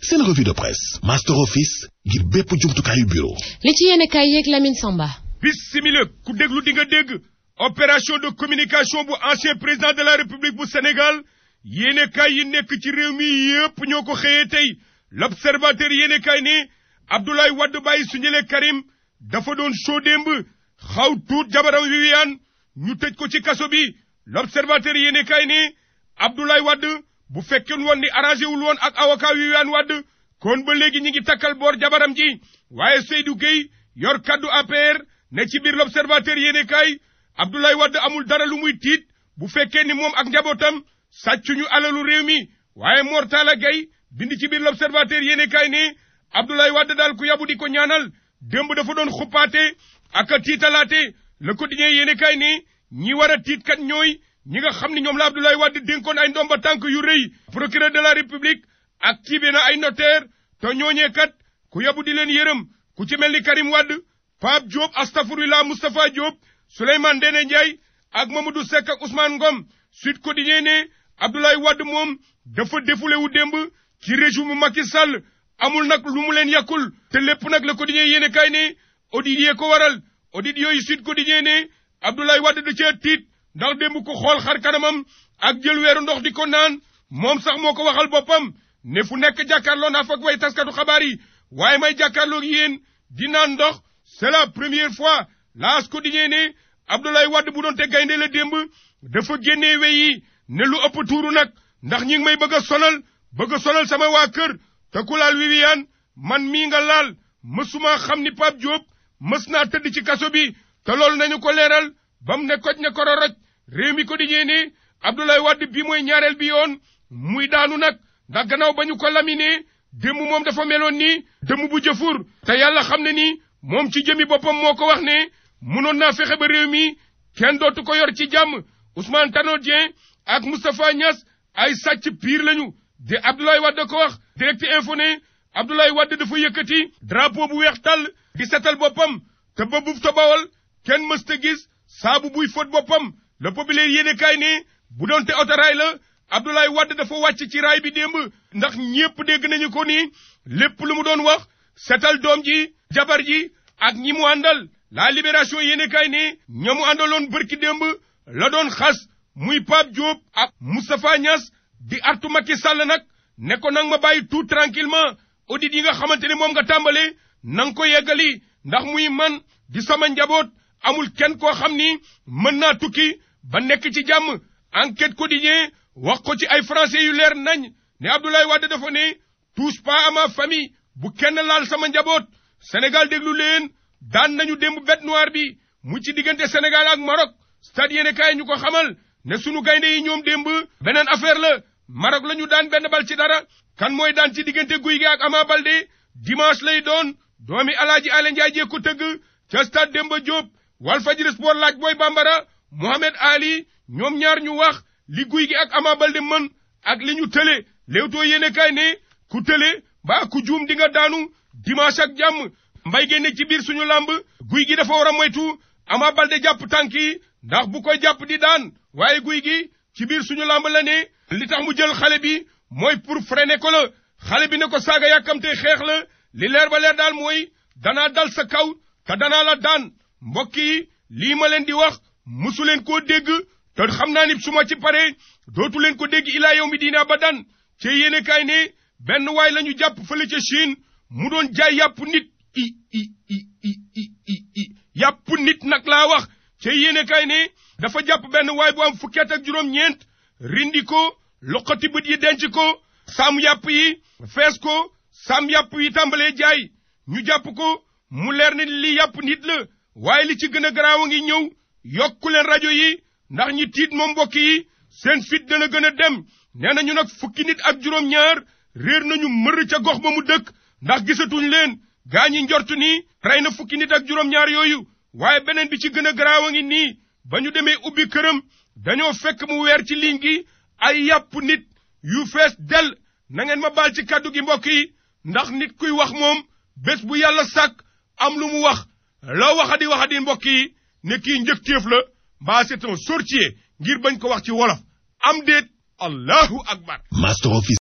seen revue de presse li ci yéen kay yeeg Lamine Samba. bisimila ku déglu di nga dégg opération de communication bu ancien président de la république bu Sénégal yéen kay yi nekk ci réew mi yépp ñoo ko xëyee tey l'observateur yéen kay ni Abdoulaye Wade bàyyi suñu Karim dafa doon soo démb xaw tuut jabaram Viviane ñu tëj ko ci kaso bi l'observateur yéen kay ni Abdoulaye Wade. bu fekkeen woon ni arrangé wul woon ak avocat yu yaan wàdd kon ba léegi ñi ngi takkal boor jabaram ji waaye Seydou Gueye yor kaddu APR ne ci biir l'observateur yéene kaay Abdoulaye Wade amul dara lu muy tiit bu fekkee ni moom ak njabootam sàccuñu alalu réew mi waaye Mor Talla Gueye bind ci biir l'observateur yéene kaay ne Abdoulaye Wade daal ku yabu di ko ñaanal démb dafa doon xuppaate ak a tiitalaate le quotidien yéene kaay ne ñi war a tiit kat ñooy ñi nga xam ne ñoom la Abdoulaye Wade dénkoon ay ndomba tànk yu rëy procureur de la république activé na ay notaire te ñooñee kat ku yabu di leen yërëm ku ci mel ni Karim Wade Pape Diop Astafurila Moustapha Diop Souleymane Ndéné Ndiaye ak Mamadou Seck ak Ousmane Ngom Sud Quotidien ne Abdoulaye Wade moom dafa défule wu démb ci régime Macky Sall amul nag lu mu leen yàkkul te lépp nag le Quotidien yéene kaay ne audit yee ko waral audit yooyu Sud Quotidien ne Abdoulaye Wade da cee ndax démb ko xool xar kanamam ak jël weeru ndox di ko naan moom sax moo ko waxal boppam ne fu nekk jàkkaarloo naa fak way taskatu xabaar yi waaye may jàkkaarloo yéen di naan ndox c'est la première fois laas ko diñee ne Abdoulaye Wade bu doon te gaynde la démb dafa génne wey ne lu ëpp tuuru nag ndax ñi may bëgg a sonal bëgg a sonal sama waa kër te ku laal Viviane man mii nga laal mësuma xam ni Pape Diop mës naa tëdd ci kaso bi te loolu nañu ko leeral bam ne koj ne kororoj réew mi quotidien ni Abdoulaye Wade bi mooy ñaareel bi yoon muy daanu nag ndax gannaaw ba ñu ko laminé démb moom dafa meloon ni dëmm bu jëfur te yàlla xam ne ni moom ci jëmi boppam moo ko wax ne mënoon naa fexe ba réew mi kenn dootu ko yor ci jàmm Ousmane Tanor Dieng ak Moustapha Niass ay sàcc pire lañu de Abdoulaye Wade ko wax direct info ne Abdoulaye Wade dafa yëkkati drapeau bu weex tàll di setal boppam te ba buuf tobawal kenn mësta gis saabu buy fóot boppam le populaire yéenekaay ne bu doon te doonte otoraay la Abdoulaye Wade dafa wàcc ci raay bi démb ndax ñépp dégg nañu ko ni lépp lu mu doon wax setal doom ji jabar ji ak ñi mu àndal la libération yéenekaay ne ña mu àndaloon bërki démb la doon xas muy Pape Diop ak Moustapha Niass di artu Macky Sall nag ne ko nag ma bàyyi tout tranquillement audit yi nga xamante ne moom nga tàmbale nanga ko yeggali ndax muy man di sama njaboot amul kenn ko xam ni mën naa tukki ba nekk ci jàmm enquête quotidien wax ko ci ay français yu leer nañ ne Abdoulaye wa dafa ne touche pas à bu kenn laal sama njaboot senegal déglu leen daan nañu démb bête noire bi mu ci diggante senegal ak Maroc stade yéene kaay ñu ko xamal ne sunu gaynde yi ñoom démb beneen affaire la Maroc la ñu daan benn bal ci dara kan mooy daan ci diggante guy gi ak Ama Baldé dimanche lay doon doomi Alaaji Ale Njaay jee ko tëgg ca stade wal Walfadjri Sport laaj Boy Bambara Mohamed Ali ñoom ñaar ñu wax li guy gi ak Ama Baldé mën ak li ñu tële Leewtoo yéenekaay ne ku tële mbaa ku juum di nga daanu dimanche ak jàmm mbay génne ci biir suñu làmb guy gi dafa war a moytu Ama Baldé jàpp tànk yi ndax bu koy jàpp di daan waaye guy gi ci biir suñu làmb la ne li tax mu jël xale bi mooy pour freiner ko la xale bi ne ko saaga yàkkamte xeex la li leer ba leer daal mooy danaa dal sa kaw te danaa la daan mbokk yi lii ma leen di wax musu leen koo dégg te xam naa ni su ci pare dootu leen ko dégg ilaa yow mi diina abadan ci yéene kaay benn waay lañu jàpp fële ca mu doon jaay yàpp nit i i i yàpp nit nag la wax ci yéene kaay ne dafa jàpp benn waay bu am fukki ak juróom-ñeent rindi ko loqati bët yi denc ko saam yàpp yi fees ko sam yàpp yi tàmbalee jaay ñu jàpp ko mu leer ni lii yàpp nit la waaye li ci gën a garaaw a ngi ñëw yokku leen rajo yi ndax ñi tiit moom mbokk seen fit dana gën a dem nee ñu nag fukki nit ak juróom-ñaar réer nañu mër ca gox ba mu dëkk ndax gisatuñ leen gaa ñi njort nii rey na fukki nit ak juróom-ñaar yooyu waaye beneen bi ci gën a garaaw a ngi nii ba ñu demee ubbi këram dañoo fekk mu weer ci ligne gi ay yàpp nit yu fees del na ma baal ci kàddu gi mbokk yi ndax nit kuy wax moom bés bu yàlla sàkk am lu mu wax loo waxadi waxadi mbokk yi ne kii njëkteef la mbaa c'est un sorcier ngir bañ ko wax ci wolof am déet allahu akbar master office